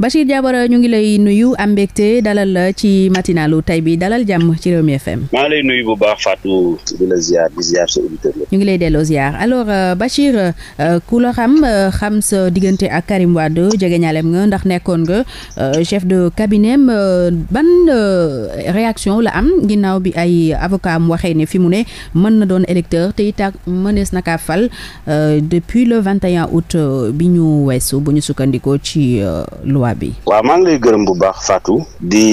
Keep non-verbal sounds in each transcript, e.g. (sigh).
Bachir Diawara ñu ngi lay nuyu am mbégte dalal ci matinalu tay bi dalal jàmm ci Rewmi FM. maa lay nuyu bu baax Fatou di la ziar di ziar ñu ngi lay delloo ziar alors euh, Bachir euh, ku la xam euh, xam sa diggante ak Karim Wade jegeñaaleem nga ndax nekkoon nga chef de cabinet am ban réaction la am ginnaaw bi ay avocat am waxee ne fi mu ne mën na doon électeur te it mënees na fal depuis le 21 août bi ñu weesu bu ñu sukkandikoo ci loi. waa bi. waaw maa ngi lay gërëm bu baax Fatou. di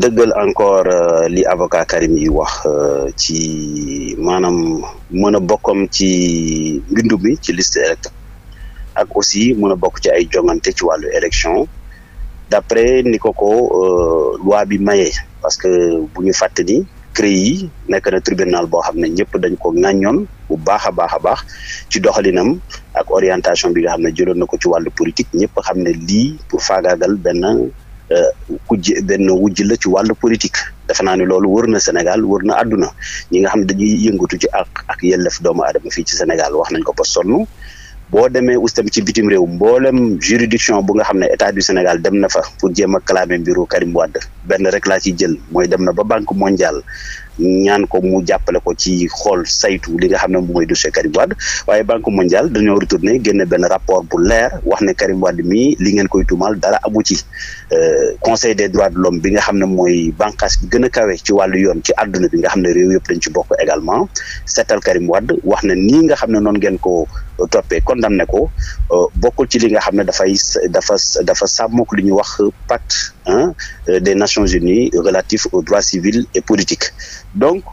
dëggal encore euh, li avocat Karim yi wax euh, ci maanaam mën a bokkam ci mbindu bi ci liste électorale ak aussi mën a bokk ci ay jongante ci wàllu élection d'après ni ko ko euh, loi bi mayee parce que bu ñu fàtte ni. CREI yi nekk na tribunal boo xam ne ñëpp dañ ko ŋàññoon bu baax a baax a baax ci doxalinam ak orientation bi nga xam ne jëloon na ko ci wàllu politique ñëpp xam ne lii pour faagaagal benn kujj euh, benn wujj la ci wàll politique defe naa ni loolu wër na Sénégal wër na àdduna ñi nga xam ne dañuy yëngatu ci ak ak yellef doomu adama fii ci Sénégal wax nañ ko ba sonn boo demee ustam ci bitim réew mboolem juridiction bu nga xam ne état du Sénégal dem na fa pour jéem a clamer mbiru Karim Wade benn rek laa ci jël mooy dem na ba banque mondiale ñaan ko mu jàppale ko ci xool saytu li nga xam ne mooy dossier Karim Wade waaye Banque mondiale dañoo retourné génn benn rapport bu leer wax ne Karim Wade mii li ngeen koy tuumal dara amu ci euh, conseil des droits de l'homme bi nga xam ne mooy bànqaas bi gën a kawe ci wàllu yoon ci àdduna bi nga xam ne réew yëpp dañ ci bokk également seetal Karim Wade wax na nii nga xam ne noonu ngeen ko toppee condamné ko euh, bokkul ci li nga xam ne dafay dafa dafa sàmmook li ñuy wax pacte euh, des Nations Unies relatif aux droits civils et politiques donc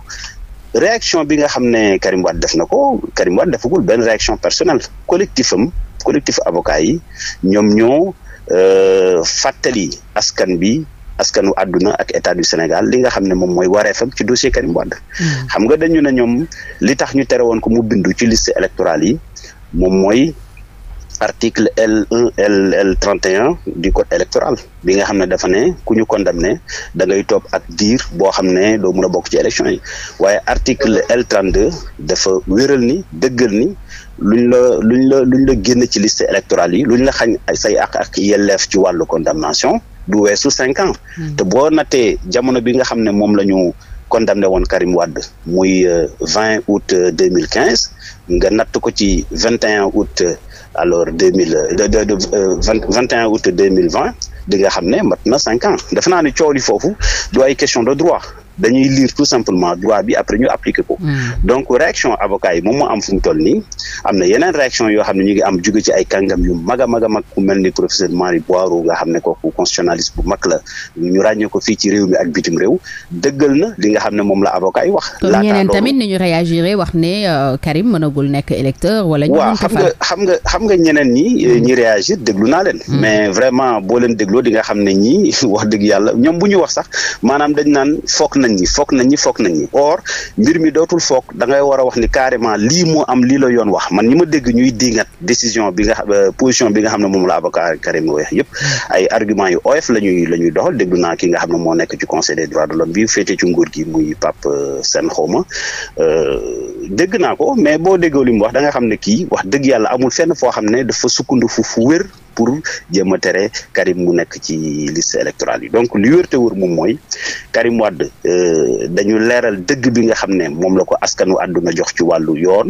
réaction bi nga xam ne Karim Wade def na ko Karim Wade defagul benn réaction personnelle collectif am collectif avocat yi ñoom ñoo euh, fàttali askan bi askanu àdduna ak état du Sénégal li nga xam ne moom mooy wareefam ci dossier Karim mm. xam nga dañu ne ñoom li tax ñu tere woon ko mu bindu ci liste électorale yi moom mooy article L un L L trente un du code électoral bi nga xam ne dafa ne ku ñu condamné da ngay topp ak diir boo xam ne doo mën a bokk ci élection yi waaye article L trente deux dafa wéral ni dëggal ni luñ la luñ la luñ la génn ci liste électorale yi luñ la xañ say ak ak yelleef ci wàllu condamnation du weesu cinq ans. Hmm. te boo nattee jamono bi nga xam ne moom lañu condamné woon Karim Wade muy euh, vingt août euh, deux mille quinze nga natt ko ci vingt et un août euh, alors deux mille vingt et un août deux mille vingt di nga xam ne mat na cinq ans defe naa ne coow li foofu du ay question de droit dañuy lire tout simplement loi bi après ñu appliquer ko. Hmm. donc réaction avocat yi moom moo am fu mu nii am na yeneen réaction yoo xam ne ñu ngi am jóge ci a a mag ku mel ni professeur Mari Boireau nga xam nga xam wax. ne euh, Karim mënagul nekk électeur wala nga xam nga xam nga ñeneen ñi euh, hmm. ñi réagir déglu naa leen. Hmm. mais vraiment boo leen nga xam ne ñii (laughs) wax dëgg yàlla ñoom bu ñu wax sax maanaam dañ naan foog na nañ ñi foog nañ ñi foog nañ ñi or mbir mi dootul foog da ngay war a wax ni carrément lii moo am lii la yoon wax man ñi ma dégg ñuy diingat décision bi nga xam euh, position bi nga xam ne moom la avocat Karim wax yëpp ay argument yu oyof la ñuy la ñuy doxal déglu naa ki nga xam ne moo nekk ci conseil des droits de l'homme bi féete ci nguur gi muy Pape euh, Sène xawma euh, dégg naa ko mais boo déggoo li mu wax da nga xam ne kii wax dëgg yàlla amul fenn foo xam ne dafa sukkandu fu fu wér pour jéem a tere Karim mu nekk ci liste électorale yi donc li wér te moom mooy Karim Wade euh, dañu leeral dëgg bi nga xam ne moom la ko askanu àdduna jox ci wàllu yoon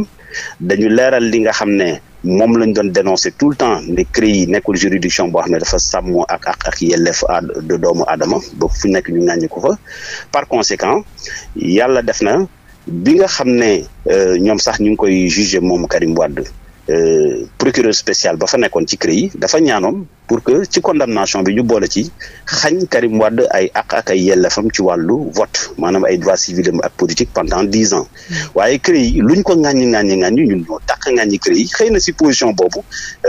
dañu leeral li nga xam ne moom lañ doon dénoncer tout le temps ne CREI nekkul juridiction boo xam ne dafa sàmmoo ak ak ak yelleef de doomu aadama ba fu nekk ñu ŋàññi ko fa par conséquent yàlla def na bi nga xam ne euh, ñoom sax ñu ngi koy jugé moom Karim Wade Euh, procureur spécial ba fa nekkoon ci CREI dafa ñaanoon pour que ci condamnation bi ñu boole ci xañ Karim Wade ay ak ak ay yellefam ci wàllu vote maanaam ay droits civils ak politique pendant dix ans mm. waaye CREI luñ ko ŋàññi ŋàññi ŋàññi ñun ñoo tàq ŋàññi CREI xëy na si position boobu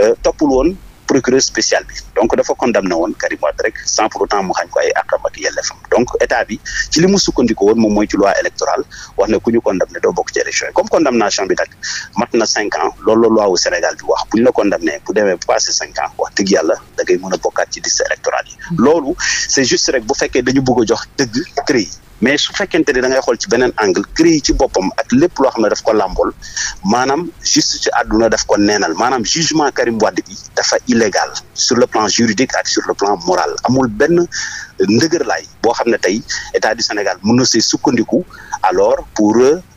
euh, toppul woon procureur spécial bi donc dafa condamné woon Karim Wade rek sans pour autant mu xañ ko ay àqam ak yelleefam donc état bi ci li mu sukkandiku woon moom mooy ci loi électorale wax ne ku ñu condamné doo bokk ci élection yi comme condamnation bi nag mat na cinq ans loolu loi wu Sénégal bi wax bu ñu la condamné bu demee bu passé cinq ans wax dëgg yàlla da ngay a bokkaat ci liste électorale yi mm-hmm. loolu c'est juste rek bu fekkee dañu bëgg jox dëgg mais su fekkente ni da ngay xool ci beneen angle CREI yi ci boppam ak lépp loo xam ne daf ko làmbool maanaam juste ci àdduna daf ko neenal maanaam jugement Karim Wade bi dafa illégal sur le plan juridique ak sur le plan moral amul benn ndëgërlaay boo xam ne tey état du Sénégal mun na see sukkandiku alors pour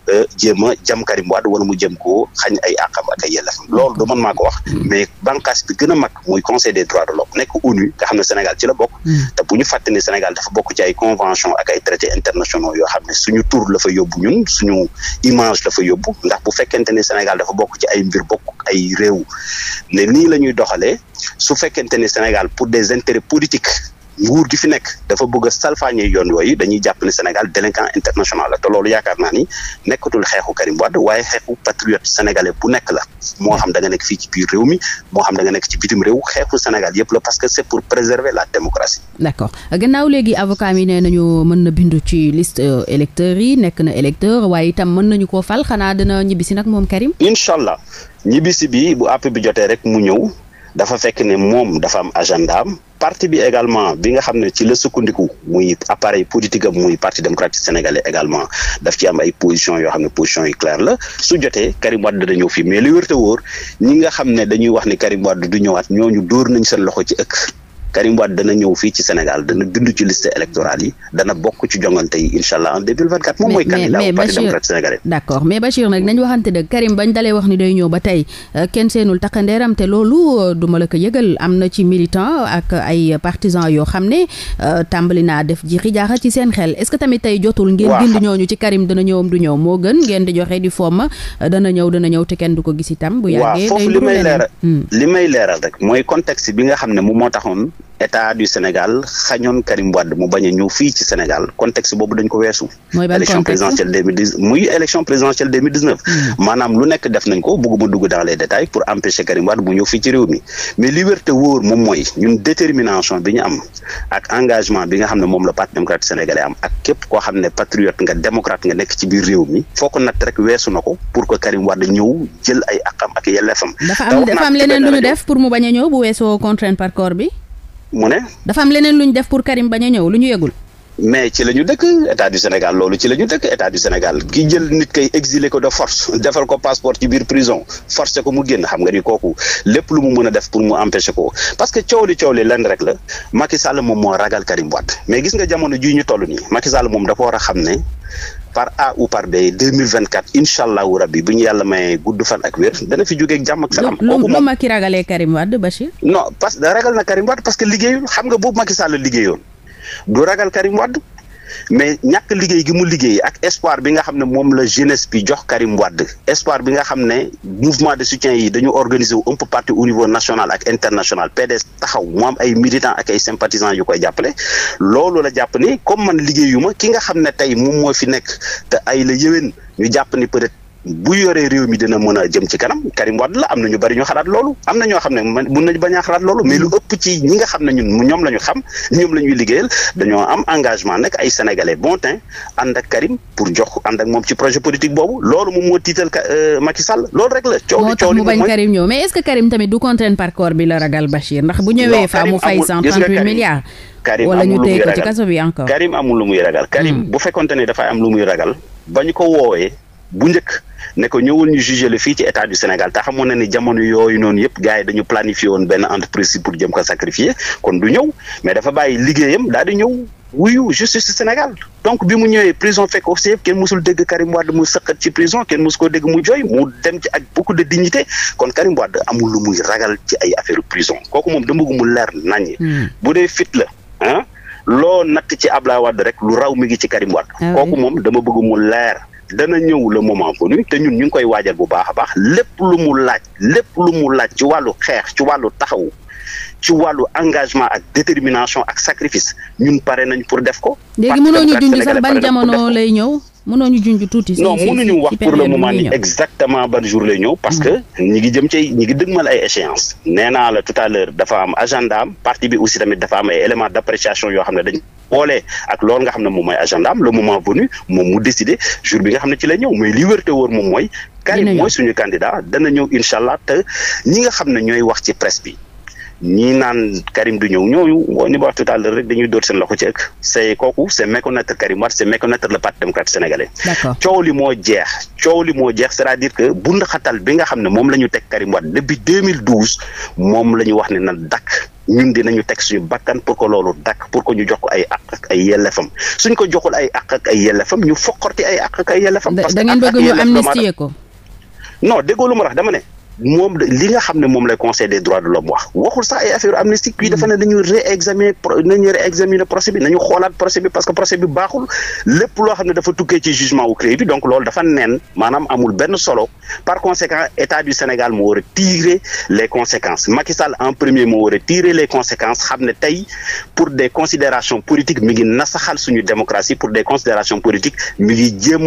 Euh, jéem a jam Karim Wade wala mu jëm koo xañ ay àqam ak ay yelleefam loolu du man maa ko wax hmm. mais bànqaas bi gën a mag muy conseil des droits de l'homme nekk ONU nga xam ne Sénégal ci la bokk hmm. te bu ñu fàtte ne Sénégal dafa bokk ci ay convention ak ay traités internationaux yoo xam ne suñu tur la fa yóbbu ñun suñu la fa yóbbu ndax bu fekkente ne mbir bokk ay réew ne nii la ñuy doxalee su fekkente ne Sénégal pour des intérêts politiques nguur gi fi nekk dafa bëgg a salfaañee yoon yooyu dañuy jàpp Sénégal délinquant international la te loolu yaakaar naa ni nekkatul xeexu Karim Wade waaye xeexu patriote sénégalais bu nekk la moo xam danga nekk fii ci biir réew mi moo xam danga nekk ci bitim réew xeexu Sénégal yëpp la parce que c'est pour préserver la démocratie. d'accord gannaaw léegi avocat mi nee nañu mën na bindu ci liste euh, électeurs yi nekk na électeur waaye itam mën nañu koo fal xanaa dina ñibbisi nag moom Karim. incha allah ñibbisi bi bu àpp bi jotee rek mu ñëw. dafa fekk ne moom dafa am agenda parti bi également bi nga xam ne ci la sukkandiku muy appareil politique am muy parti démocratique sénégalais également daf ci am ay position yoo xam ne position yu claire la su jotee Karim Wade dana ñëw fii mais li wér te wóor ñi nga xam ne dañuy wax ne Karim du ñëwaat ñooñu dóor nañ seen loxo ci ëkk Karim Wade dana ñëw fii ci Sénégal dana dund ci liste électorale yi dana bokk ci jongante yi incha allah en 2024. moom d' accord mais Bachir nag nañ waxante dëgg Karim bañ dalee wax ni day ñëw ba tey euh, kenn seenul takkandeeram te loolu euh, duma la ko yëgal am na ci militant ak ay partisans yoo xam ne euh, tàmbali naa def ji xijaaxa ci seen xel est ce que tamit tey jotul. ngeen bind ñooñu ci Karim dana ñëwam du ñëw moo gën ngeen di joxe di fomm dana ñëw dana ñëw te kenn du ko gis itam. bu yàggee day foofu hmm. li may leeral rek mooy contexte bi nga xam ne moom moo état du Sénégal xañoon Karim Wade mu bañ ñëw fii ci Sénégal contexte boobu dañ ko weesu. muy élection présidentielle hmm. maanaam lu nekk def nañ ko bëgguma dugg dans les pour empêcher Karim mu ñëw fii ci réew mi mais li wér moom mooy ñun détermination bi ñu am ak engagement bi nga xam ne moom la parti démocrate sénégalais am ak képp koo xam ne patriote nga démocrate nga nekk ci biir réew mi foo ko natt rek weesu na ko pour que Karim a mu ne. dafa am leneen lu ñu def pour Karim bañ a ñëw lu ñu yëgul. mais ci la ñu dëkk état du Sénégal loolu ci la ñu dëkk état du Sénégal ki jël nit kay exilé ko de force defal ko passeport ci biir prison forcé ko mu génn xam nga ni kooku lépp lu mu mën a def pour mu empêcher ko parce que coow li coow li lenn rek la Macky Sall moom moo ragal Karim Wade mais gis nga jamono jii ñu toll nii Macky moom dafa war a xam ne par A ou par B 2024 incha allahu rabbi bu ñu yàlla mayee gudd fan ak wér dana fi jógeeg jàmm ak salaam. kooku moom lu ragalee Karim Wade Bachir. non parce que ragal na Karim Wade parce que liggéeyul xam nga boobu Macky Sall liggéeyoon du ragal Karim Wade. mais ñàkk liggéey gi mu liggéey ak espoir bi nga xam ne moom la jeunesse bi jox Karim wadd espoir bi nga xam ne mouvement de soutien yi dañu organiser wu un peu partout au niveau national ak international PDS taxaw mu am ay militants ak ay sympathisants yu koy jàppale loolu la jàpp ni comme man liggéeyuma ki nga xam ne tey moom moo fi nekk te ay la yéwén ñu jàpp ni peut-être bu yoree réew mi dina mën a jëm ci kanam Karim Wade la am na ñu bari ñu xalaat loolu am na ñoo xam ne mën nañu bañ a xalaat loolu mais lu ëpp ci ñi nga xam ne ñun ñoom la ñu xam ñoom la ñuy liggéeyal dañoo am engagement nag ay sénégalais bon temps ànd ak Karim pour jox and ak moom ci projet politique boobu loolu moom moo tiital euh, Macky Sall loolu rek la. coow li mu bañ Karim ñëw mais est-ce que Karim tamit du contrainte par corps bi la ragal Bachir ndax bu ñëwee faa mu fay cent trente lu muy ragal. Karim hmm. bu fekkonte ne dafay am lu muy ragal ba ñu ko woowee bu njëkk ne ko ñëwul ñu jugé le fii ci état du Sénégal te xamoon na ni jamono yooyu noonu yëpp gars yi dañu planifié woon benn entreprise pour jëm ko sacrifié kon du ñëw mais dafa bàyyi liggéeyam daal di ñëw wuyu justice Sénégal donc bi mu ñëwee prison fekk aussi yëpp kenn musul dégg Karim Wade mu sëqat ci prison kenn musu ko dégg mu jooy mu dem ci ak beaucoup de dignité kon Karim Wade amul lu muy ragal ci ay affaire prison kooku moom dama bëgg mu leer naññ. Hmm. bu dee fit la loo natt ci Ablaye Wade rek lu raw mi ngi ci Karim Wade. Ah kooku moom dama bëgg mu leer. dana ñëw le moment venu te ñun ñu ngi koy waajal bu baax a baax lépp lu mu laaj lép lu mu laaj ci wàllu xeex ci wàllu taxaw ci wàllu engagement ak détermination ak sacrifice ñun pare nañ pour def ko. léegi mënoo ñu junj sax ban jamono lay ñëw. mënoo ñu junj tuuti. non mënuñu wax pour le moment ni exactement ba jour lay ñëw. parce que mm. ñi ngi jëm ci ñi ngi dëgmal ay échéances. nee naa la tout à dafa am agenda am parti bi aussi tamit dafa am ay éléments d'appréciation yoo xam ne dañ. boole ak loolu nga xam ne moom mooy agenda am le moment venu moom mu décider jour bi nga xam ne ci la ñëw mais li wër te wóor moom mooy Karim mooy suñu candidat dana ñëw incha allah te ñi nga xam ne ñooy wax ci presse bi ñii naan Karim du ñëw ñooyu woo ni ba wax tout à l'heure rek dañuy dóor seen loxo ci ëkk c'est kooku c'est méconnaître Karim Wade c'est méconnaître le parti démocrate sénégalais coow li moo jeex coow li moo jeex c'est-à-dire que bundaxatal bi nga xam ne moom la ñu teg Karim Wade depuis 2012 moom la ñu wax ne na dakk ñun dinañu teg suñu bakkan pour que loolu dakk pour que ñu jox ko ay àq ak ay yellefam suñ ko joxul ay àq ak ay yellefam ñu fokkorti ay àq ak ay yellefam. parce que da ngeen bëgg ñu ko. non déggoo lu ne. moom li nga xam ne moom lay conseil des droits de l'homme wax waxul sax ay affaire amnistie dafa ne nañu réexaminer nañu réexaminer procès bi nañu xoolaat procès bi parce que procès bi baaxul lépp loo xam ne dafa tukkee ci jugement wu CREI bi donc loolu dafa neen maanaam amul benn solo par conséquent état du Sénégal moo war a tirer les conséquences Macky en premier moo war a les conséquences xam ne tey pour des considérations politiques mi ngi nasaxal suñu démocratie pour des considérations politiques mi ngi jéem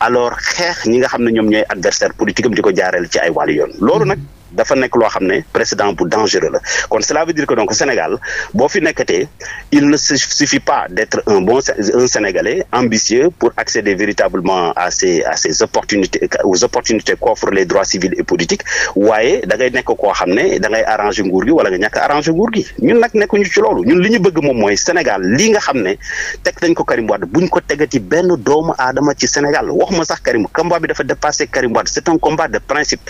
alors xeex ñi nga xam ne ñoom ñooy adversaire politique am di ko jaareel ci ay wàllu yoon loolu nag dafa nekk loo xam ne précédent bu dangereux la kon cela veut dire que donc Sénégal boo fi nekkatee il ne suffit pas d'être un bon un Sénégalais ambitieux pour accéder véritablement à ces à ces opportunités aux opportunités qu'offrent les droits civils et politiques waaye da ngay nekk koo xam ne da ngay arranger nguur gi wala nga ñàkk arranger nguur gi ñun nag nekkuñu ci loolu ñun li ñu bëgg moom mooy Sénégal li nga xam ne teg nañ ko Karim Wade buñ ko tegati benn doomu aadama ci Sénégal waxuma sax Karim combat bi dafa dépassé Karim Wade c'est un combat de principe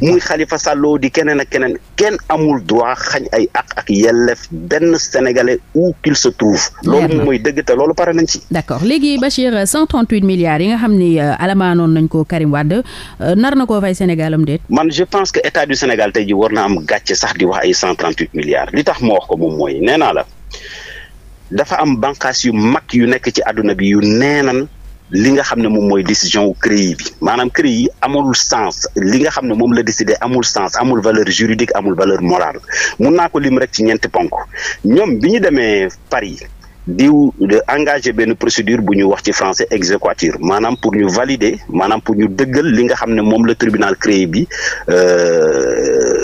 muy Khalifa Sall Sow di keneen ak keneen kenn amul droit xañ ay ak ak yelleef benn sénégalais où qu'il se trouve. loolu mooy dëgg te loolu pare nañ ci. d'accord léegi Bachir 138 milliards yi nga xam ni euh, alamaanoon nañ ko Karim Wade euh, nar na ko fay Sénégal am déet. man je pense que état du Sénégal tey ji war na am gàcce sax di wax ay 138 milliards li tax ma wax ko moom mooy neena naa la dafa am bànqaas yu mag yu nekk ci àdduna bi yu neenan li nga xam ne moom mooy décision wu bi maanaam CREI amul sens li nga xam ne moom la décidé amul sens amul valeur juridique amul valeur morale mun naa ko lim rek ci ñeenti ponk ñoom bi ñu demee Paris diw de engagé benn procédure bu ñu wax ci français exéquatur maanaam pour ñu valider maanaam pour ñu dëggal li nga xam ne moom la tribunal CREI bi. Euh,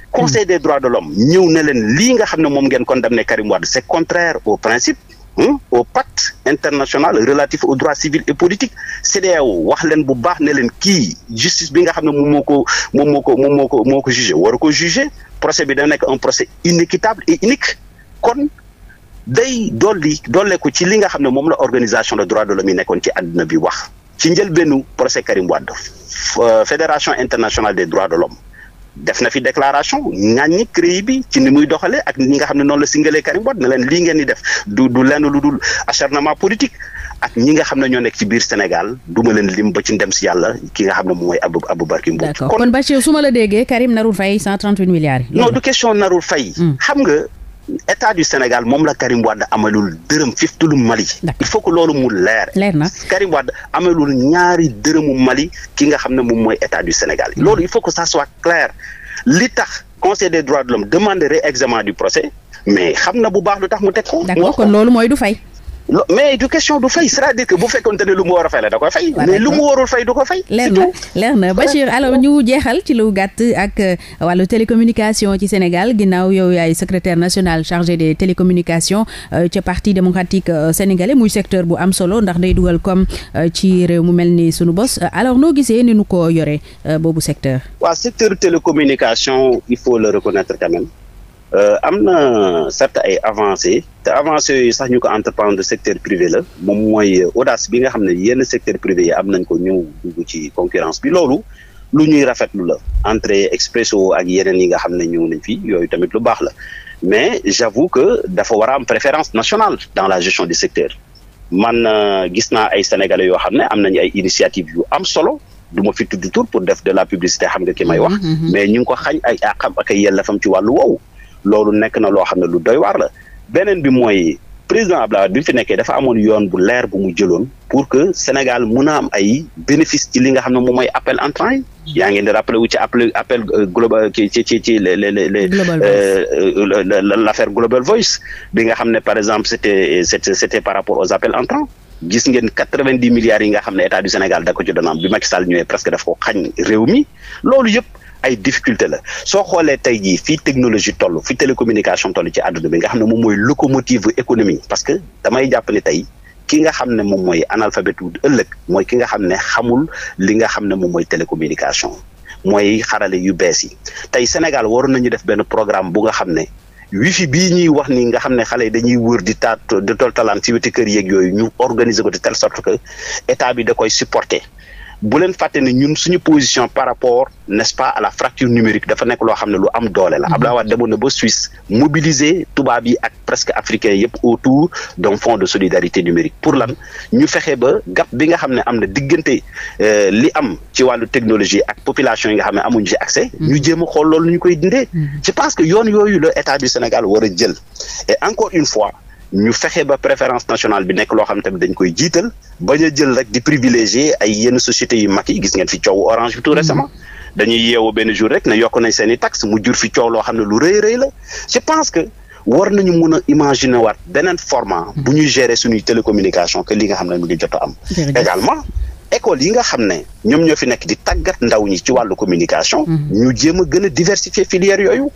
conseil des droits de l'homme ñëw ne leen lii nga xam ne moom ngeen condamné Karim Wade c'est contraire au principe Hum, au pacte international relatif aux droits civils et politiques CEDEAO wax leen bu baax ne leen kii justice bi nga xam ne moom moo ko moom moo ko moom moo ko moo ko jugé war ko jugé procès bi da nekk un procès inéquitable et unique kon day dolli dolleeku ci li nga xam ne moom la organisation de droits de l'homme yi nekkoon ci àdduna bi wax ci njëlbéenu procès Karim Wade euh, Fédération internationale des droits de l'homme def na fi déclaration ñaaññi CREI bi ci ni muy doxalee ak ñi nga xam ne noonu la singalee Karim Wade ne leen lii ngeen di def du lenn lu dul acharnement politique ak ñi nga xam ne ñoo nekk ci biir Sénégal duma leen lim ba ci ndem si yàlla ki nga xam ne mooy Abou Aboubacry Mbow. d'accord kon Bachir su la déggee Karim narul fay 138 milliards. non du question narul fay. Hmm. xam nga. état du Sénégal moom la Karim Wade amalul dërëm fiftulu Mali. il faut que loolu mu leer. leer na Karim Wade amalul ñaari dërëmu Mali ki nga xam ne moom mooy état du Sénégal. Hmm. loolu il faut que ça soit clair li tax conseil des droits de l'homme demande réexamen du procès mais xam na bu baax lu tax mu teg ko. loolu mooy du fay. mais du question du fay c'est-à-dire bu fekkonte ne lu mu war a fay la da koy fay. mais lu mu warul fay du ko fay. leer na ba na Bachir alors ñu jeexal ci lu gàtt ak euh, wàllu télécommunication ci Sénégal ginnaaw yow yaay secrétaire national chargé des télécommunications euh, ca parti démocratique euh, sénégalais muy secteur bu am solo ndax day dugal comme ci réew mu mel ni sunu bos alors noo gisee ni nu ko yore boobu secteur. waaw secteur télécommunication il faut le reconnaître quand Euh, am na certes ay avancées te avancées yooyu sax ñu ko entreprendre secteur privé la moom mooy audace bi nga xam ne yenn secteur privé yi am nañ ko ñu dugg ci concurrence bi loolu lu ñuy rafetlu la entrée expresso ak yeneen yi nga xam ne ñëw nañ fii yooyu tamit lu baax la mais j'avoue que dafa war a am préférence nationale dans la gestion du secteur man euh, gis naa ay sénégalais yoo xam ne am nañu ay initiative yu am solo du ma fi tudd tur pour def de la publicité xam nga ki may wax mm-hmm, mm-hmm. mais ñu ngi ko xañ ay àqam ak ay yellefam ci wàllu woowu loolu nekk na loo xam ne lu doy waar la beneen bi mooy président Abdoulaye Wade bi fi nekkee dafa amoon yoon bu leer bu mu jëloon pour que Sénégal mën am ay bénéfice ci li nga xam ne moom mooy appel entrant yi. yaa ngeen di rappelé wu ci appel ci euh, euh, ci ci ci les les l' euh, affaire Global Voice. bi nga xam ne par exemple c' était c' était par rapport aux appels entrants. gis ngeen quatre-vingt-dix milliards yi nga xam ne état du Sénégal da ko ci doon am bi Macky Sall ñëwee presque daf ko xañ réew mi loolu yëpp. ay difficulté la soo xoolee tey jii fii technologie toll fii télécommunication toll ci àdduna bi nga xam ne moom mooy locomotive économique parce que damay jàpp ne tey ki nga xam ne moom mooy analphabète wu ëllëg mooy ki nga xam ne xamul li nga xam ne moom mooy télécommunication mooy xarale yu bees yi tey Sénégal waroon na ñu def benn programme bu nga xam ne wifi bii ñuy wax ni nga xam ne xale yi dañuy wër di taat di toltalaan ci weti kër yeeg yooyu ñu organiser ko de telle état bi da koy supporter bu leen fàtte ne ñun suñu position par rapport n'est-ce pas la fracture numérique dafa nekk loo xam ne lu am doole la Abdoulaye Wade demoon na ba Suisse mobiliser tubaab yi ak presque africain yëpp autour d'un fonds de solidarité numérique pour lan ñu fexe ba gap bi nga xam ne am na diggante euh, li am ci wàllu technologie ak population yi nga xam ne amuñu ci accès ñu jëm mm-hmm. a xool loolu ñu koy dindee mm-hmm. je pense que yoon yooyu la état du Sénégal war a jël et encore une fois ñu fexe ba préférence nationale bi nekk loo xam tamit dañ koy jiital bañ jël rek di privilégier ay yenn société yu mag yi gis ngeen fi coow orange bi tout mm-hmm. récemment dañuy yeewu benn jour rek ne yokk nañ seen i taxe mu jur fi coow loo xam ne lu rëy rëy la je pense que war nañu mun a imaginer waat beneen format bu ñuy gérer suñuy télécommunication que li nga xam ne mu ngi jot a am également école yi nga xam ne ñoom ñoo fi nekk di tàggat ndaw ñi ci wàllu communication mm-hmm. ñu jéem a gën a diversifier filière yooyu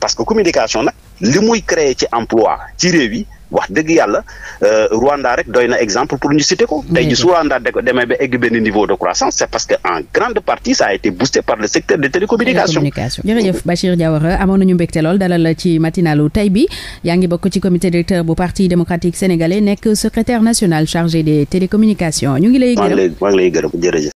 parce que communication nag li muy créer ci emploi ci yi wax dëgg yàlla euh, Rwanda rek doy na exemple pour ñu citer ko. tey ji demee ba egg benn niveau de croissance c'est parce que en grande partie ça été boosté par le secteur des télécommunications. jërëjëf Bachir Diawara amoon nañu mbégte lool dalal ci matinalu tey bi yaa ngi bokk ci comité directeur bu parti démocratique sénégalais nekk secrétaire national chargé des télécommunications ñu ngi lay. gërëm maa ngi lay gërëm jërëjëf.